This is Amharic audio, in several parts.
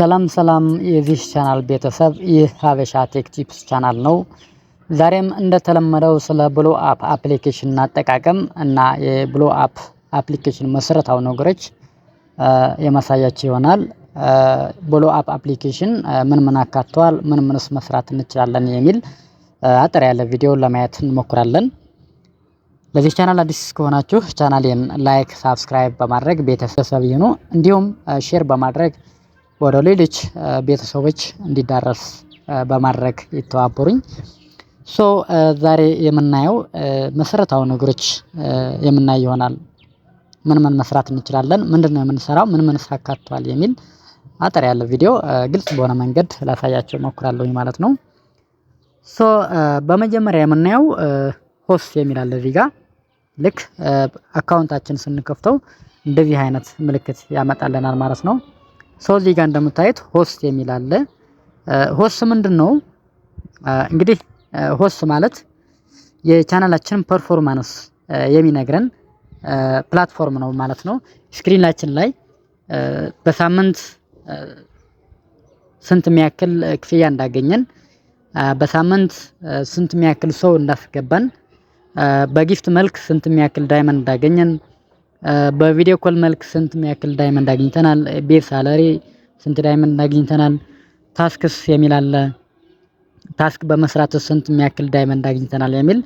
ሰላም ሰላም የዚህ ቻናል ቤተሰብ፣ ይህ ሀበሻ ቴክ ቲፕስ ቻናል ነው። ዛሬም እንደተለመደው ስለ ብሎ አፕ አፕሊኬሽን አጠቃቀም እና የብሎ አፕ አፕሊኬሽን መሰረታዊ ነገሮች የማሳያቸው ይሆናል። ብሎ አፕ አፕሊኬሽን ምን ምን አካቷል ምን ምንስ መስራት እንችላለን የሚል አጠር ያለ ቪዲዮ ለማየት እንሞክራለን። ለዚህ ቻናል አዲስ ከሆናችሁ ቻናሌን ላይክ፣ ሳብስክራይብ በማድረግ ቤተሰብ ይሁኑ። እንዲሁም ሼር በማድረግ ወደ ሌሎች ቤተሰቦች እንዲዳረስ በማድረግ ይተባበሩኝ። ሶ ዛሬ የምናየው መሰረታዊ ነገሮች የምናይ ይሆናል። ምን ምን መስራት እንችላለን? ምንድነው የምንሰራው? ምን ምን አካቷል? የሚል አጠር ያለ ቪዲዮ ግልጽ በሆነ መንገድ ላሳያቸው እሞክራለሁኝ ማለት ነው። ሶ በመጀመሪያ የምናየው ሆስ የሚል አለ እዚህ ጋር ልክ አካውንታችን ስንከፍተው እንደዚህ አይነት ምልክት ያመጣልናል ማለት ነው። ሰው እዚህ ጋር እንደምታዩት ሆስ የሚል አለ። ሆስ ምንድን ነው እንግዲህ ሆስ ማለት የቻናላችን ፐርፎርማንስ የሚነግረን ፕላትፎርም ነው ማለት ነው። ስክሪናችን ላይ በሳምንት ስንት የሚያክል ክፍያ እንዳገኘን፣ በሳምንት ስንት የሚያክል ሰው እንዳስገባን፣ በጊፍት መልክ ስንት የሚያክል ዳይመንድ እንዳገኘን በቪዲዮ ኮል መልክ ስንት ያክል ዳይመንድ አግኝተናል፣ ቤት ሳለሪ ስንት ዳይመንድ አግኝተናል፣ ታስክስ የሚል አለ። ታስክ በመስራት ስንት ያክል ዳይመንድ አግኝተናል የሚል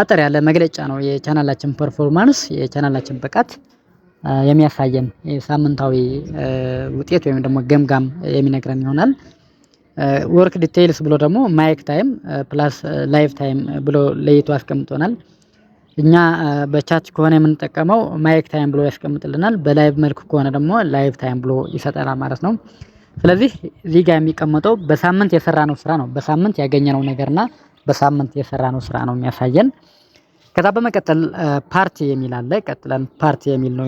አጠር ያለ መግለጫ ነው የቻናላችን ፐርፎርማንስ የቻናላችን ብቃት የሚያሳየን ሳምንታዊ ውጤት ወይም ደግሞ ገምጋም የሚነግረን ይሆናል። ወርክ ዲቴይልስ ብሎ ደግሞ ማይክ ታይም ፕላስ ላይፍ ታይም ብሎ ለይቶ አስቀምጦናል። እኛ በቻት ከሆነ የምንጠቀመው ማይክ ታይም ብሎ ያስቀምጥልናል። በላይቭ መልኩ ከሆነ ደግሞ ላይቭ ታይም ብሎ ይሰጠናል ማለት ነው። ስለዚህ እዚህ ጋር የሚቀመጠው በሳምንት የሰራነው ስራ ነው። በሳምንት ያገኘነው ነገርና በሳምንት የሰራነው ስራ ነው የሚያሳየን። ከዛ በመቀጠል ፓርቲ የሚል አለ። ቀጥለን ፓርቲ የሚል ነው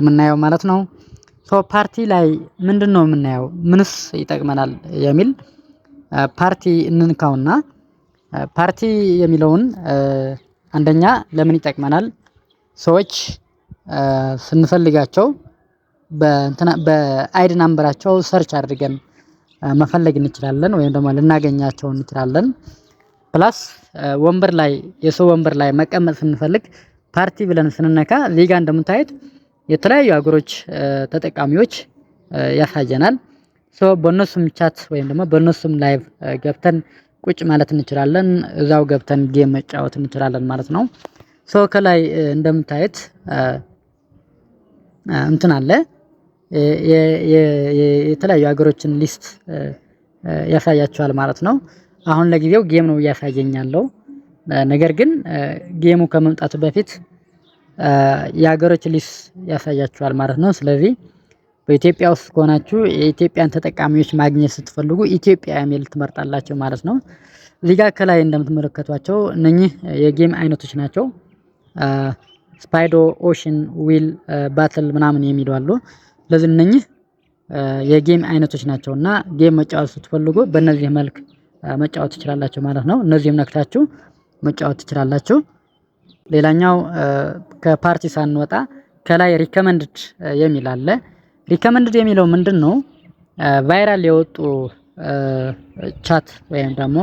የምናየው ማለት ነው። ፓርቲ ላይ ምንድን ነው የምናየው? ምንስ ይጠቅመናል? የሚል ፓርቲ እንንካውና ፓርቲ የሚለውን አንደኛ ለምን ይጠቅመናል? ሰዎች ስንፈልጋቸው በአይድ ናምበራቸው ሰርች አድርገን መፈለግ እንችላለን ወይም ደግሞ ልናገኛቸው እንችላለን። ፕላስ ወንበር ላይ የሰው ወንበር ላይ መቀመጥ ስንፈልግ ፓርቲ ብለን ስንነካ እዚህ እንደምታዩት የተለያዩ ሀገሮች ተጠቃሚዎች ያሳየናል። በእነሱም ቻት ወይም ደግሞ በእነሱም ላይቭ ገብተን ቁጭ ማለት እንችላለን። እዛው ገብተን ጌም መጫወት እንችላለን ማለት ነው። ሶ ከላይ እንደምታየት እንትን አለ የተለያዩ ሀገሮችን ሊስት ያሳያቸዋል ማለት ነው። አሁን ለጊዜው ጌም ነው እያሳየኝ ያለው። ነገር ግን ጌሙ ከመምጣቱ በፊት የሀገሮች ሊስት ያሳያቸዋል ማለት ነው። ስለዚህ በኢትዮጵያ ውስጥ ከሆናችሁ የኢትዮጵያን ተጠቃሚዎች ማግኘት ስትፈልጉ ኢትዮጵያ የሚል ትመርጣላቸው ማለት ነው። እዚህ ጋር ከላይ እንደምትመለከቷቸው እነኚህ የጌም አይነቶች ናቸው። ስፓይዶ፣ ኦሽን፣ ዊል፣ ባትል ምናምን የሚሉ አሉ። ስለዚህ እነኚህ የጌም አይነቶች ናቸው እና ጌም መጫወት ስትፈልጉ በእነዚህ መልክ መጫወት ትችላላችሁ ማለት ነው። እነዚህም ነክታችሁ መጫወት ትችላላችሁ። ሌላኛው ከፓርቲ ሳንወጣ ከላይ ሪከመንድድ የሚል አለ። ሪከመንድድ የሚለው ምንድን ነው? ቫይራል የወጡ ቻት ወይም ደግሞ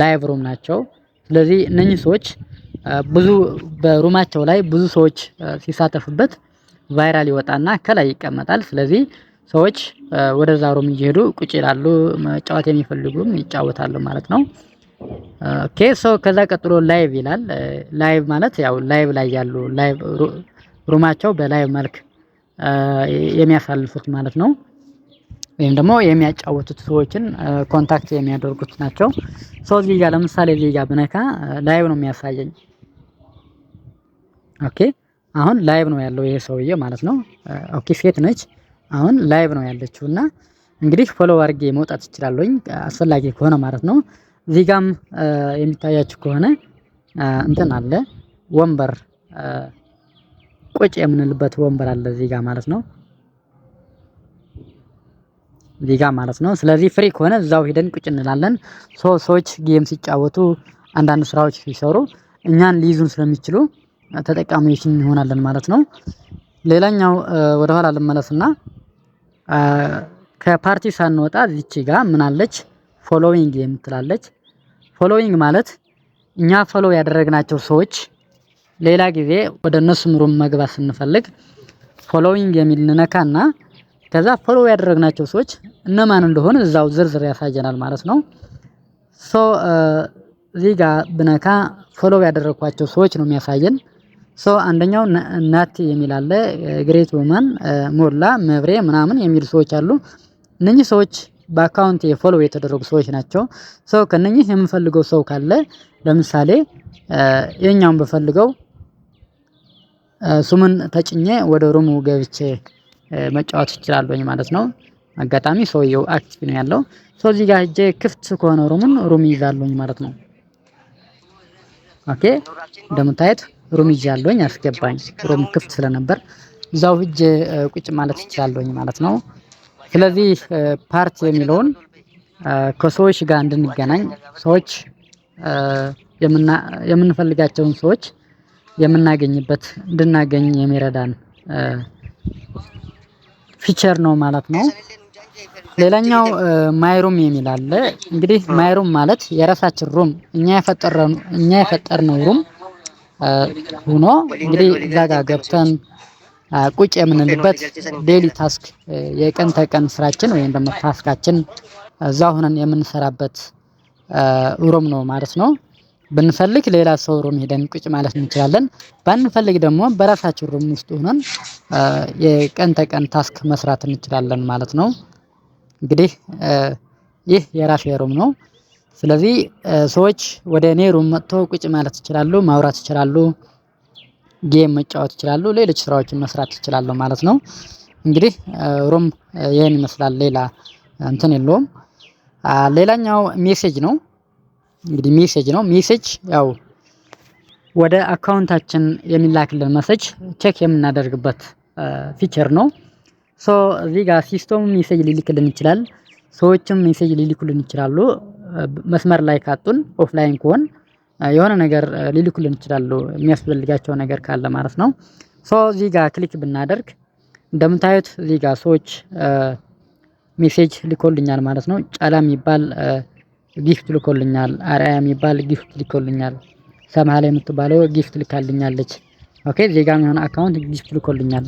ላይቭ ሩም ናቸው። ስለዚህ እነኚህ ሰዎች ብዙ በሩማቸው ላይ ብዙ ሰዎች ሲሳተፉበት ቫይራል ይወጣና ከላይ ይቀመጣል። ስለዚህ ሰዎች ወደዛ ሩም እየሄዱ ቁጭ ይላሉ። መጫወት የሚፈልጉም ይጫወታሉ ማለት ነው። ኦኬ ሶ ከዛ ቀጥሎ ላይቭ ይላል። ላይቭ ማለት ያው ላይቭ ላይ ያሉ ላይቭ ሩማቸው በላይቭ መልክ የሚያሳልፉት ማለት ነው። ወይም ደግሞ የሚያጫወቱት ሰዎችን ኮንታክት የሚያደርጉት ናቸው። ሰው እዚህ ጋር ለምሳሌ እዚህ ጋር ብነካ ላይቭ ነው የሚያሳየኝ። ኦኬ አሁን ላይቭ ነው ያለው ይሄ ሰውዬ ማለት ነው። ኦኬ ሴት ነች። አሁን ላይቭ ነው ያለችው እና እንግዲህ ፎሎ አድርጌ መውጣት እችላለሁኝ አስፈላጊ ከሆነ ማለት ነው። እዚህ ጋም የሚታያችሁ ከሆነ እንትን አለ ወንበር ቁጭ የምንልበት ወንበር አለ እዚህ ጋር ማለት ነው። እዚህ ጋር ማለት ነው። ስለዚህ ፍሪ ከሆነ እዛው ሄደን ቁጭ እንላለን። ሰዎች ጌም ሲጫወቱ፣ አንዳንድ ስራዎች ሲሰሩ እኛን ሊይዙን ስለሚችሉ ተጠቃሚዎች እንሆናለን ማለት ነው። ሌላኛው ወደኋላ ልመለስና ከፓርቲ ሳንወጣ እዚች ጋር ምናለች ፎሎዊንግ የምትላለች። ፎሎዊንግ ማለት እኛ ፎሎው ያደረግናቸው ሰዎች ሌላ ጊዜ ወደ እነሱም ሩም መግባት ስንፈልግ ፎሎዊንግ የሚል ንነካና ከዛ ፎሎው ያደረግናቸው ሰዎች እነማን እንደሆን እዛው ዝርዝር ያሳየናል ማለት ነው። ሶ እዚህ ጋር ብነካ ፎሎው ያደረግኳቸው ሰዎች ነው የሚያሳየን። ሶ አንደኛው ናቲ የሚል አለ፣ ግሬት ውመን፣ ሞላ፣ መብሬ ምናምን የሚሉ ሰዎች አሉ። እነኚህ ሰዎች በአካውንት የፎሎው የተደረጉ ሰዎች ናቸው። ሶ ከነኚህ የምንፈልገው ሰው ካለ ለምሳሌ የኛውን በፈልገው ሱምን ተጭኜ ወደ ሩሙ ገብቼ መጫወት እችላለሁኝ ማለት ነው። አጋጣሚ ሰውየው አክቲቭ ነው ያለው ሶ ጋር ሄጄ ክፍት ከሆነ ሩሙን ሩም ይዛለሁኝ ማለት ነው። ኦኬ እንደምታየት ሩም ይዣለሁኝ አስገባኝ። ሩም ክፍት ስለነበር እዛው ሂጄ ቁጭ ማለት እችላለሁኝ ማለት ነው። ስለዚህ ፓርት የሚለውን ከሰዎች ጋር እንድንገናኝ ሰዎች የምንፈልጋቸውን ሰዎች የምናገኝበት እንድናገኝ የሚረዳን ፊቸር ነው ማለት ነው። ሌላኛው ማይሩም የሚል አለ። እንግዲህ ማይሩም ማለት የራሳችን ሩም እኛ የፈጠረን እኛ የፈጠርነው ሩም ሆኖ እንግዲህ እዛ ጋር ገብተን ቁጭ የምንልበት ዴሊ ታስክ የቀን ተቀን ስራችን ወይም ደግሞ ታስካችን እዛ ሆነን የምንሰራበት ሩም ነው ማለት ነው። ብንፈልግ ሌላ ሰው ሩም ሄደን ቁጭ ማለት እንችላለን። ባንፈልግ ደግሞ በራሳችን ሩም ውስጥ ሆነን የቀን ተቀን ታስክ መስራት እንችላለን ማለት ነው። እንግዲህ ይህ የራሴ ሩም ነው። ስለዚህ ሰዎች ወደ እኔ ሩም መጥተው ቁጭ ማለት ይችላሉ፣ ማውራት ይችላሉ፣ ጌም መጫወት ይችላሉ፣ ሌሎች ስራዎችን መስራት ይችላሉ ማለት ነው። እንግዲህ ሩም ይህን ይመስላል። ሌላ እንትን የለውም። ሌላኛው ሜሴጅ ነው። እንግዲህ ሜሴጅ ነው። ሜሴጅ ያው ወደ አካውንታችን የሚላክልን መሰጅ ቼክ የምናደርግበት ፊቸር ነው። ሶ እዚህ ጋር ሲስተሙ ሜሴጅ ሊልክልን ይችላል። ሰዎችም ሜሴጅ ሊልኩልን ይችላሉ። መስመር ላይ ካጡን ኦፍላይን ከሆን የሆነ ነገር ሊልኩልን ይችላሉ፣ የሚያስፈልጋቸው ነገር ካለ ማለት ነው። ሶ እዚህ ጋር ክሊክ ብናደርግ እንደምታዩት እዚህ ጋር ሰዎች ሜሴጅ ልኮልኛል ማለት ነው። ጫላ የሚባል ጊፍት ልኮልኛል። አርአያ የሚባል ጊፍት ልኮልኛል። ሰማህ ላይ የምትባለው ጊፍት ልካልኛለች። ኦኬ ዜጋ ጋር አካውንት ጊፍት ልኮልኛል።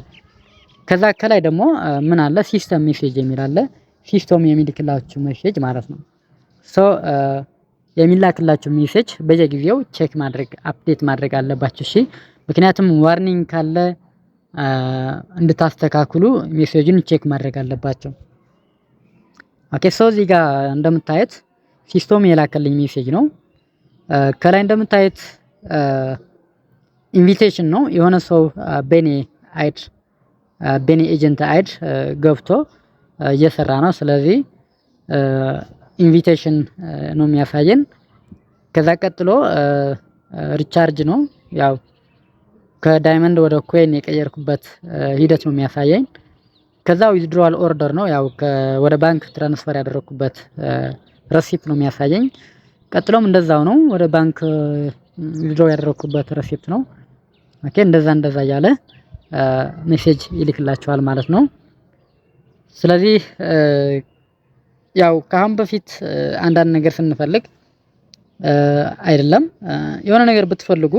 ከዛ ከላይ ደግሞ ምን አለ ሲስተም ሜሴጅ የሚል አለ። ሲስተም የሚልክላችሁ ሜሴጅ ማለት ነው። ሶ የሚላክላችሁ ሜሴጅ በየጊዜው ቼክ ማድረግ አፕዴት ማድረግ አለባችሁ። እሺ ምክንያቱም ዋርኒንግ ካለ እንድታስተካክሉ ሜሴጅን ቼክ ማድረግ አለባቸው። ኦኬ ሶ እዚህ ጋር እንደምታየት ሲስቶም የላከልኝ ሜሴጅ ነው። ከላይ እንደምታዩት ኢንቪቴሽን ነው። የሆነ ሰው ቤኔ አይድ ቤኔ ኤጀንት አይድ ገብቶ እየሰራ ነው። ስለዚህ ኢንቪቴሽን ነው የሚያሳየን። ከዛ ቀጥሎ ሪቻርጅ ነው ያው ከዳይመንድ ወደ ኮይን የቀየርኩበት ሂደት ነው የሚያሳየኝ። ከዛ ዊዝድሮዋል ኦርደር ነው ያው ወደ ባንክ ትራንስፈር ያደረኩበት ረሲፕት ነው የሚያሳየኝ። ቀጥሎም እንደዛው ነው ወደ ባንክ ድሮ ያደረኩበት ረሲፕት ነው። ኦኬ እንደዛ እንደዛ እያለ ሜሴጅ ይልክላቸዋል ማለት ነው። ስለዚህ ያው ከአሁን በፊት አንዳንድ ነገር ስንፈልግ አይደለም የሆነ ነገር ብትፈልጉ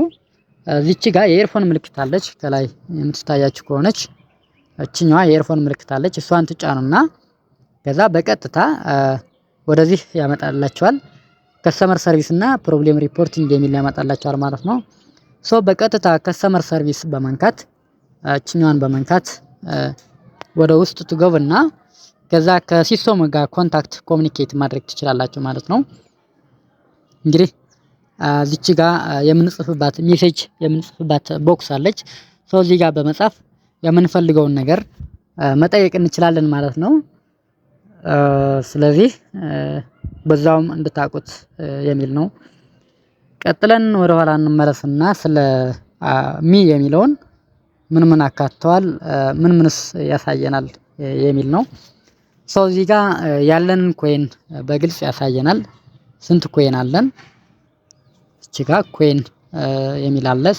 እዚች ጋር የኤርፎን ምልክት አለች። ከላይ የምትታያችሁ ከሆነች እችኛዋ የኤርፎን ምልክት አለች። እሷን ትጫኑና ከዛ በቀጥታ ወደዚህ ያመጣላቸዋል። ከስተመር ሰርቪስ እና ፕሮብሌም ሪፖርቲንግ የሚል ያመጣላቸዋል ማለት ነው። ሶ በቀጥታ ከስተመር ሰርቪስ በመንካት ችኛዋን በመንካት ወደ ውስጥ ትገቡ እና ከዛ ከሲስተሙ ጋር ኮንታክት ኮሚኒኬት ማድረግ ትችላላችሁ ማለት ነው። እንግዲህ እዚች ጋ የምንጽፍባት ሜሴጅ የምንጽፍባት ቦክስ አለች። ሶ እዚህ ጋር በመጻፍ የምንፈልገውን ነገር መጠየቅ እንችላለን ማለት ነው። ስለዚህ በዛውም እንድታውቁት የሚል ነው። ቀጥለን ወደ ኋላ እንመለስና ስለ ሚ የሚለውን ምን ምን አካተዋል፣ ምን ምንስ ያሳየናል የሚል ነው። ሰው እዚህ ጋር ያለንን ኮይን በግልጽ ያሳየናል። ስንት ኮይን አለን? እቺ ጋር ኮይን የሚል አለስ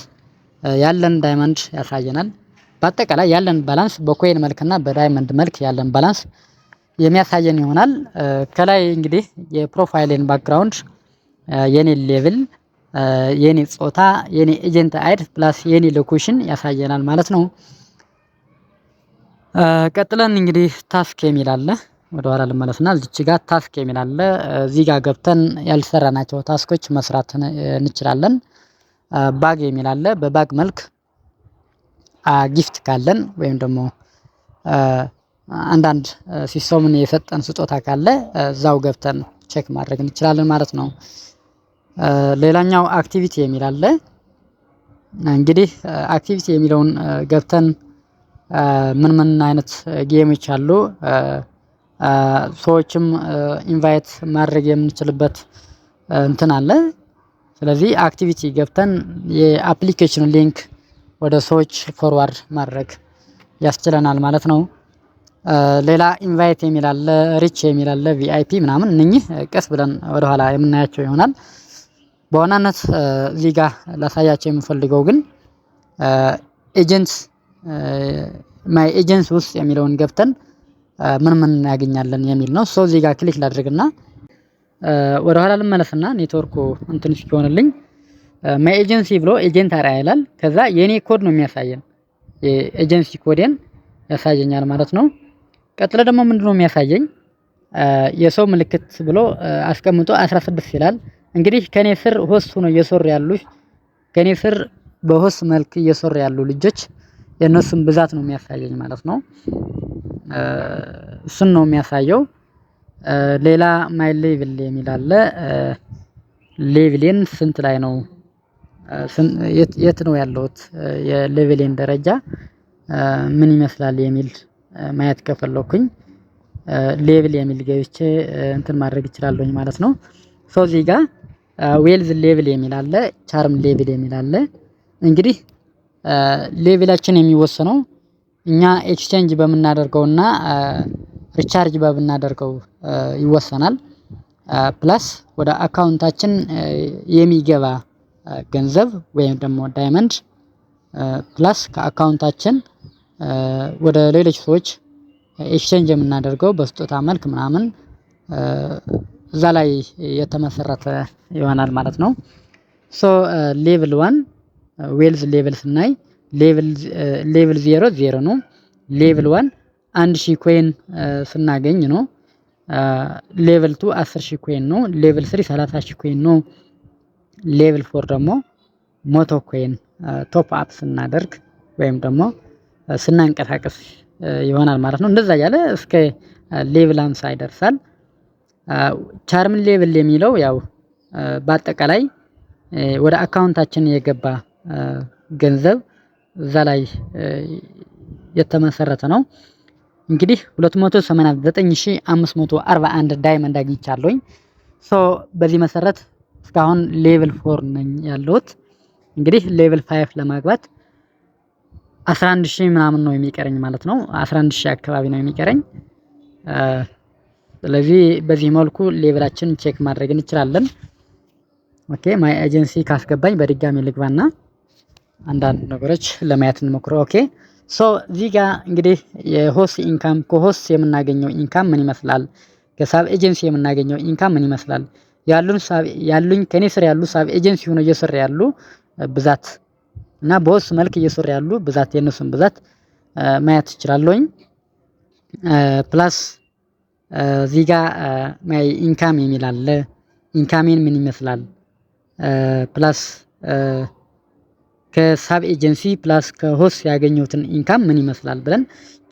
ያለን ዳይመንድ ያሳየናል። በአጠቃላይ ያለን ባላንስ በኮይን መልክና በዳይመንድ መልክ ያለን ባላንስ የሚያሳየን ይሆናል። ከላይ እንግዲህ የፕሮፋይልን ባክግራውንድ፣ የኔ ሌቭል፣ የኔ ጾታ፣ የኔ ኤጀንት አይድ ፕላስ የኔ ሎኬሽን ያሳየናል ማለት ነው። ቀጥለን እንግዲህ ታስክ የሚል አለ። ወደ ኋላ ልመለስና እዚች ጋ ታስክ የሚል አለ። እዚህ ጋር ገብተን ያልሰራናቸው ታስኮች መስራት እንችላለን። ባግ የሚል አለ። በባግ መልክ ጊፍት ካለን ወይም ደግሞ አንዳንድ ሲስተሙን የሰጠን ስጦታ ካለ እዛው ገብተን ቼክ ማድረግ እንችላለን ማለት ነው። ሌላኛው አክቲቪቲ የሚል አለ። እንግዲህ አክቲቪቲ የሚለውን ገብተን ምን ምን አይነት ጌሞች አሉ፣ ሰዎችም ኢንቫይት ማድረግ የምንችልበት እንትን አለ። ስለዚህ አክቲቪቲ ገብተን የአፕሊኬሽን ሊንክ ወደ ሰዎች ፎርዋርድ ማድረግ ያስችለናል ማለት ነው። ሌላ ኢንቫይት የሚል አለ ሪች የሚል አለ ቪአይፒ ምናምን እነኚህ ቀስ ብለን ወደኋላ የምናያቸው ይሆናል። በዋናነት እዚህ ጋር ላሳያቸው የምፈልገው ግን ኤጀንት ማይ ኤጀንት ውስጥ የሚለውን ገብተን ምን ምን እናገኛለን የሚል ነው። ሰው እዚህ ጋር ክሊክ ላድርግና ወደኋላ ልመለስና ኔትወርኩ እንትን እስኪሆንልኝ ማይ ኤጀንሲ ብሎ ኤጀንት አርያ ይላል። ከዛ የኔ ኮድ ነው የሚያሳየን፣ የኤጀንሲ ኮዴን ያሳየኛል ማለት ነው። ቀጥሎ ደግሞ ምንድነው የሚያሳየኝ የሰው ምልክት ብሎ አስቀምጦ 16 ይላል። እንግዲህ ከኔ ስር ሆስ ሆኖ እየሰሩ ያሉ ከኔ ስር በሆስ መልክ እየሰሩ ያሉ ልጆች የእነሱን ብዛት ነው የሚያሳየኝ ማለት ነው። እሱን ነው የሚያሳየው። ሌላ ማይ ሌቭል የሚል አለ። ሌቭሌን ስንት ላይ ነው የት ነው ያለሁት? የሌቭሌን ደረጃ ምን ይመስላል የሚል ማየት ከፈለኩኝ ሌብል የሚል ገብቼ እንትን ማድረግ እችላለሁኝ ማለት ነው። ሶ እዚህ ጋር ዌልዝ ሌብል የሚል አለ፣ ቻርም ሌብል የሚል አለ። እንግዲህ ሌቭላችን የሚወሰነው እኛ ኤክስቼንጅ በምናደርገውና ሪቻርጅ በምናደርገው ይወሰናል። ፕላስ ወደ አካውንታችን የሚገባ ገንዘብ ወይም ደግሞ ዳይመንድ ፕላስ ከአካውንታችን ወደ ሌሎች ሰዎች ኤክስቼንጅ የምናደርገው በስጦታ መልክ ምናምን እዛ ላይ የተመሰረተ ይሆናል ማለት ነው። ሶ ሌቭል ዋን ዌልዝ ሌቭል ስናይ ሌቭል ዜሮ ዜሮ ነው። ሌቭል ዋን አንድ ሺህ ኮይን ስናገኝ ነው። ሌቭል ቱ አስር ሺህ ኮይን ነው። ሌቭል ስሪ ሰላሳ ሺህ ኮይን ነው። ሌቭል ፎር ደግሞ ሞቶ ኮይን ቶፕ አፕ ስናደርግ ወይም ደግሞ ስናንቀሳቀስ ይሆናል ማለት ነው። እንደዛ እያለ እስከ ሌቭል አምሳ ይደርሳል። ቻርም ሌቭል የሚለው ያው በአጠቃላይ ወደ አካውንታችን የገባ ገንዘብ እዛ ላይ የተመሰረተ ነው። እንግዲህ 289541 ዳይመንድ አግኝቻለሁኝ። ሶ በዚህ መሰረት እስካሁን ሌቭል ፎር ነኝ ያለሁት። እንግዲህ ሌቭል ፋይቭ ለማግባት 11 ሺህ ምናምን ነው የሚቀረኝ ማለት ነው። 11 ሺህ አካባቢ ነው የሚቀረኝ። ስለዚህ በዚህ መልኩ ሌብላችን ቼክ ማድረግ እንችላለን። ኦኬ ማይ ኤጀንሲ ካስገባኝ በድጋሚ ልግባና አንዳንድ ነገሮች ለማየት እንሞክረ። ኦኬ ሶ እዚህ ጋ እንግዲህ የሆስ ኢንካም ከሆስ የምናገኘው ኢንካም ምን ይመስላል? ከሳብ ኤጀንሲ የምናገኘው ኢንካም ምን ይመስላል? ያሉኝ ከኔ ስር ያሉ ሳብ ኤጀንሲ ሆነ እየሰራ ያሉ ብዛት እና በወስ መልክ እየሰሩ ያሉ ብዛት የእነሱን ብዛት ማየት እችላለሁኝ። ፕላስ እዚህ ጋር ማይ ኢንካም የሚል አለ። ኢንካሜን ምን ይመስላል? ፕላስ ከሳብ ኤጀንሲ ፕላስ ከሆስ ያገኘሁትን ኢንካም ምን ይመስላል ብለን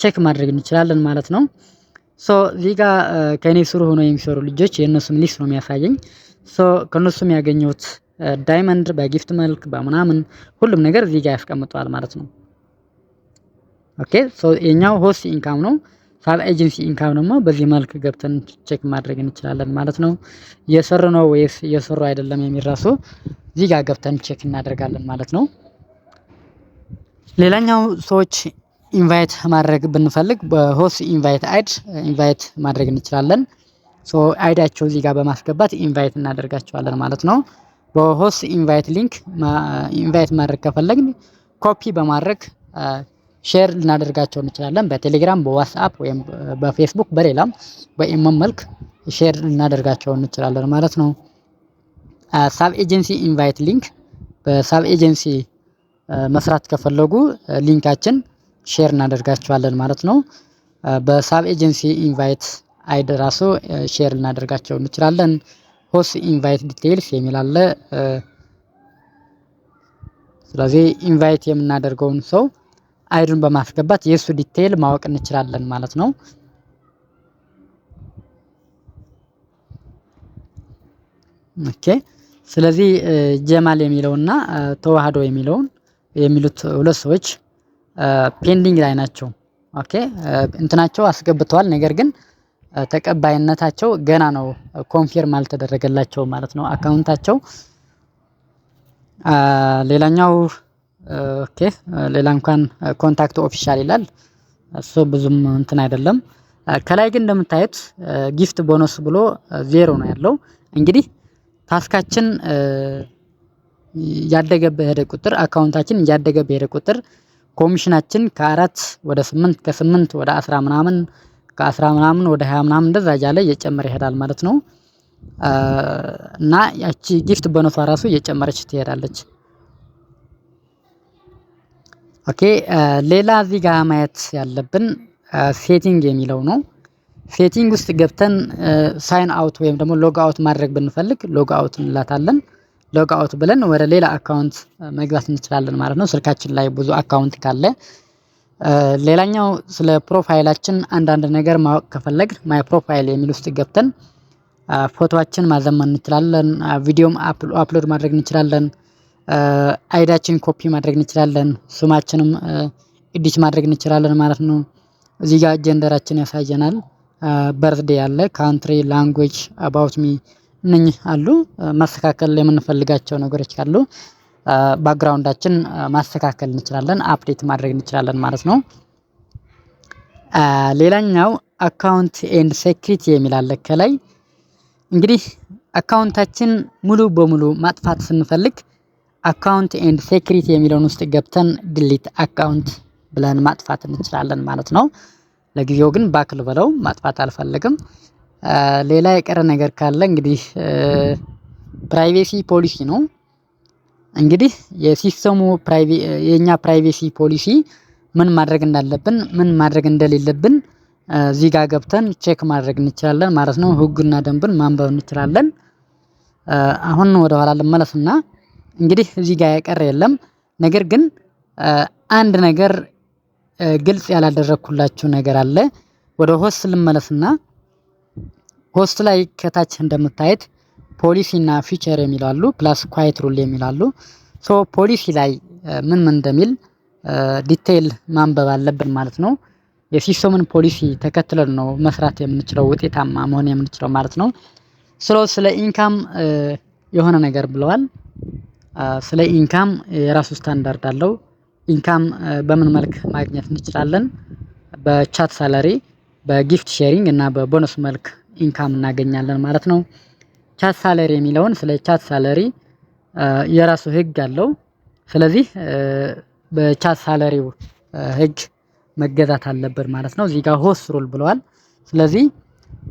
ቼክ ማድረግ እንችላለን ማለት ነው። ሶ እዚህ ጋር ከእኔ ስሩ ሆኖ የሚሰሩ ልጆች የእነሱም ሊስት ነው የሚያሳየኝ። ሶ ከእነሱም ያገኘሁት ዳይመንድ በጊፍት መልክ በምናምን ሁሉም ነገር እዚህ ጋር ያስቀምጠዋል ማለት ነው። ኦኬ ሶ የኛው ሆስት ኢንካም ነው። ሳብ ኤጀንሲ ኢንካም ደግሞ በዚህ መልክ ገብተን ቼክ ማድረግ እንችላለን ማለት ነው። የሰሩ ነው ወይስ የሰሩ አይደለም የሚራሱ እዚህ ጋር ገብተን ቼክ እናደርጋለን ማለት ነው። ሌላኛው ሰዎች ኢንቫይት ማድረግ ብንፈልግ በሆስት ኢንቫይት አይድ ኢንቫይት ማድረግ እንችላለን። ሶ አይዳቸው እዚህ ጋር በማስገባት ኢንቫይት እናደርጋቸዋለን ማለት ነው። በሆስ ኢንቫይት ሊንክ ኢንቫይት ማድረግ ከፈለግን ኮፒ በማድረግ ሼር ልናደርጋቸው እንችላለን። በቴሌግራም፣ በዋትስአፕ ወይም በፌስቡክ በሌላም በኢሜል መልክ ሼር ልናደርጋቸው እንችላለን ማለት ነው። ሳብ ኤጀንሲ ኢንቫይት ሊንክ በሳብ ኤጀንሲ መስራት ከፈለጉ ሊንካችን ሼር እናደርጋቸዋለን ማለት ነው። በሳብ ኤጀንሲ ኢንቫይት አይድ ራሱ ሼር ልናደርጋቸው እንችላለን። ሆስ ኢንቫይት ዲቴይልስ የሚል አለ። ስለዚህ ኢንቫይት የምናደርገውን ሰው አይዱን በማስገባት የእሱ ዲቴይል ማወቅ እንችላለን ማለት ነው። ኦኬ ስለዚህ ጀማል የሚለውና ተዋህዶ የሚለውን የሚሉት ሁለት ሰዎች ፔንዲንግ ላይ ናቸው። ኦኬ እንትናቸው አስገብተዋል ነገር ግን ተቀባይነታቸው ገና ነው ኮንፊርም አልተደረገላቸው ማለት ነው አካውንታቸው። ሌላኛው ኦኬ ሌላ እንኳን ኮንታክት ኦፊሻል ይላል እሱ ብዙም እንትን አይደለም። ከላይ ግን እንደምታዩት ጊፍት ቦነስ ብሎ ዜሮ ነው ያለው። እንግዲህ ታስካችን ያደገ በሄደ ቁጥር አካውንታችን እያደገ በሄደ ቁጥር ኮሚሽናችን ከአራት ወደ ስምንት ከስምንት ወደ አስራ ምናምን ከአስራ ምናምን ወደ ሀያ ምናምን እንደዛ እያለ እየጨመረ ይሄዳል ማለት ነው። እና ያቺ ጊፍት በነቷ ራሱ እየጨመረች ትሄዳለች። ኦኬ ሌላ እዚህ ጋ ማየት ያለብን ሴቲንግ የሚለው ነው። ሴቲንግ ውስጥ ገብተን ሳይን አውት ወይም ደግሞ ሎግ አውት ማድረግ ብንፈልግ ሎግ አውት እንላታለን። ሎግ አውት ብለን ወደ ሌላ አካውንት መግባት እንችላለን ማለት ነው። ስልካችን ላይ ብዙ አካውንት ካለ ሌላኛው ስለ ፕሮፋይላችን አንዳንድ ነገር ማወቅ ከፈለግ ማይ ፕሮፋይል የሚል ውስጥ ገብተን ፎቶዋችን ማዘመን እንችላለን። ቪዲዮም አፕሎድ ማድረግ እንችላለን። አይዳችን ኮፒ ማድረግ እንችላለን። ስማችንም ኤዲት ማድረግ እንችላለን ማለት ነው። እዚህ ጋር ጀንደራችን ያሳየናል። በርዝዴ ያለ፣ ካንትሪ፣ ላንጉዌጅ፣ አባውት ሚ እነኚህ አሉ። ማስተካከል የምንፈልጋቸው ነገሮች ካሉ ባክግራውንዳችን ማስተካከል እንችላለን አፕዴት ማድረግ እንችላለን ማለት ነው። ሌላኛው አካውንት ኤንድ ሴክሪቲ የሚል አለ ከላይ እንግዲህ አካውንታችን ሙሉ በሙሉ ማጥፋት ስንፈልግ አካውንት ኤንድ ሴክሪቲ የሚለውን ውስጥ ገብተን ድሊት አካውንት ብለን ማጥፋት እንችላለን ማለት ነው። ለጊዜው ግን ባክል በለው ማጥፋት አልፈልግም። ሌላ የቀረ ነገር ካለ እንግዲህ ፕራይቬሲ ፖሊሲ ነው። እንግዲህ የሲስተሙ የእኛ ፕራይቬሲ ፖሊሲ ምን ማድረግ እንዳለብን ምን ማድረግ እንደሌለብን እዚህ ጋር ገብተን ቼክ ማድረግ እንችላለን ማለት ነው። ህጉና ደንብን ማንበብ እንችላለን። አሁን ወደኋላ ልመለስና እንግዲህ እዚህ ጋር ያቀረ የለም። ነገር ግን አንድ ነገር ግልጽ ያላደረግኩላችሁ ነገር አለ። ወደ ሆስት ልመለስና ሆስት ላይ ከታች እንደምታየት ፖሊሲ እና ፊቸር የሚላሉ ፕላስ ኳይት ሩል የሚላሉ ሶ ፖሊሲ ላይ ምን ምን እንደሚል ዲቴይል ማንበብ አለብን ማለት ነው። የሲስተሙን ፖሊሲ ተከትለን ነው መስራት የምንችለው ውጤታማ መሆን የምንችለው ማለት ነው። ስለ ስለ ኢንካም የሆነ ነገር ብለዋል። ስለ ኢንካም የራሱ ስታንዳርድ አለው። ኢንካም በምን መልክ ማግኘት እንችላለን? በቻት ሳላሪ፣ በጊፍት ሼሪንግ እና በቦነስ መልክ ኢንካም እናገኛለን ማለት ነው። ቻት ሳለሪ የሚለውን ስለ ቻት ሳለሪ የራሱ ህግ አለው። ስለዚህ በቻት ሳለሪው ህግ መገዛት አለበት ማለት ነው። እዚህ ጋር ሆስ ሩል ብለዋል። ስለዚህ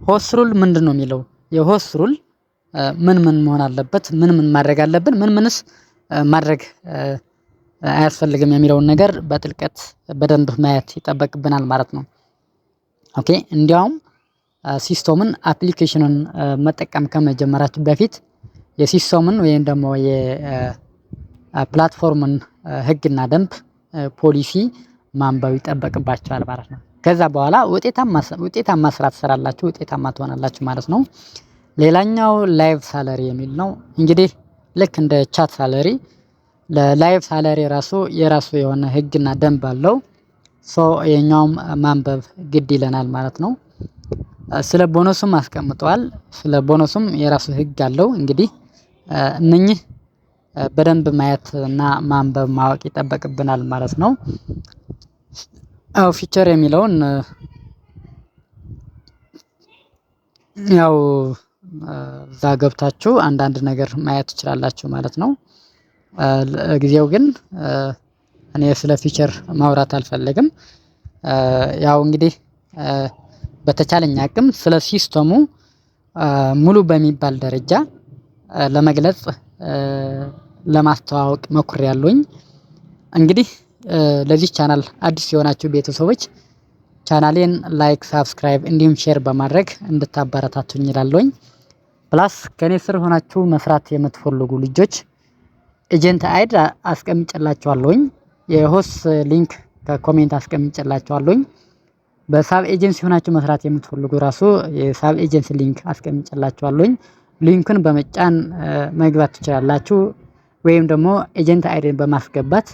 ሆስ ሩል ምንድን ነው የሚለው የሆስ ሩል ምን ምን መሆን አለበት፣ ምን ምን ማድረግ አለብን፣ ምን ምንስ ማድረግ አያስፈልግም የሚለውን ነገር በጥልቀት በደንብ ማየት ይጠበቅብናል ማለት ነው። ኦኬ እንዲያውም ሲስቶምን አፕሊኬሽኑን መጠቀም ከመጀመራችሁ በፊት የሲስቶምን ወይም ደግሞ የፕላትፎርምን ህግና ደንብ ፖሊሲ ማንበብ ይጠበቅባቸዋል ማለት ነው። ከዛ በኋላ ውጤታማ ውጤታማ ስራ ትሰራላችሁ፣ ውጤታማ ትሆናላችሁ ማለት ነው። ሌላኛው ላይቭ ሳለሪ የሚል ነው። እንግዲህ ልክ እንደ ቻት ሳለሪ ለላይቭ ሳለሪ ራሱ የራሱ የሆነ ህግና ደንብ አለው። ሶ የኛውም ማንበብ ግድ ይለናል ማለት ነው። ስለ ቦነሱም አስቀምጠዋል ስለ ቦነሱም የራሱ ህግ አለው። እንግዲህ እነኚህ በደንብ ማየት እና ማንበብ ማወቅ ይጠበቅብናል ማለት ነው። አዎ ፊቸር የሚለውን ያው እዛ ገብታችሁ አንዳንድ ነገር ማየት ትችላላችሁ ማለት ነው። ጊዜው ግን እኔ ስለ ፊቸር ማውራት አልፈለግም። ያው እንግዲህ በተቻለኝ አቅም ስለ ሲስተሙ ሙሉ በሚባል ደረጃ ለመግለጽ ለማስተዋወቅ መኩር ያለውኝ እንግዲህ ለዚህ ቻናል አዲስ የሆናችሁ ቤተሰቦች ቻናሌን ላይክ፣ ሳብስክራይብ እንዲሁም ሼር በማድረግ እንድታበረታቱኝ ይላለሁኝ። ፕላስ ከኔ ስር ሆናችሁ መስራት የምትፈልጉ ልጆች ኤጀንት አይድ አስቀምጭላችኋለሁኝ። የሆስ ሊንክ ከኮሜንት አስቀምጭላችኋለሁኝ። በሳብ ኤጀንሲ ሆናችሁ መስራት የምትፈልጉ ራሱ የሳብ ኤጀንሲ ሊንክ አስቀምጬላችኋለሁኝ። ሊንኩን በመጫን መግባት ትችላላችሁ። ወይም ደግሞ ኤጀንት አይዲን በማስገባት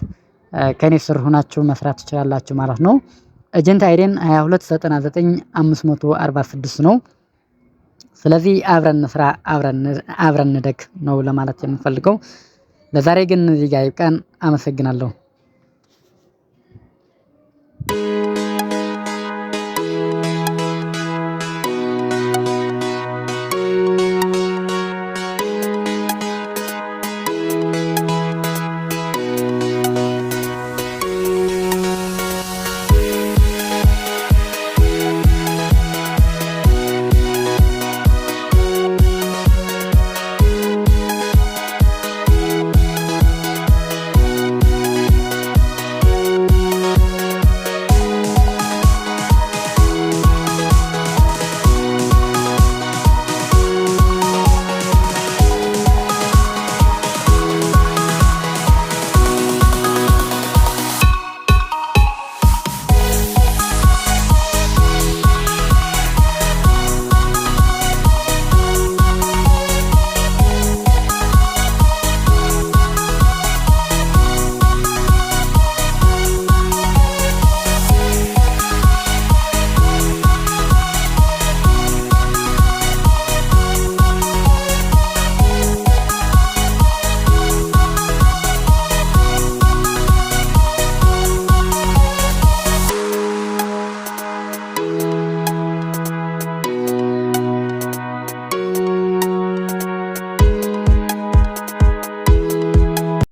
ከኔ ስር ሆናችሁ መስራት ትችላላችሁ ማለት ነው። ኤጀንት አይዲን 2299546 ነው። ስለዚህ አብረን ስራ አብረን እንደግ ነው ለማለት የምፈልገው። ለዛሬ ግን እዚህ ጋር ይብቃን። አመሰግናለሁ።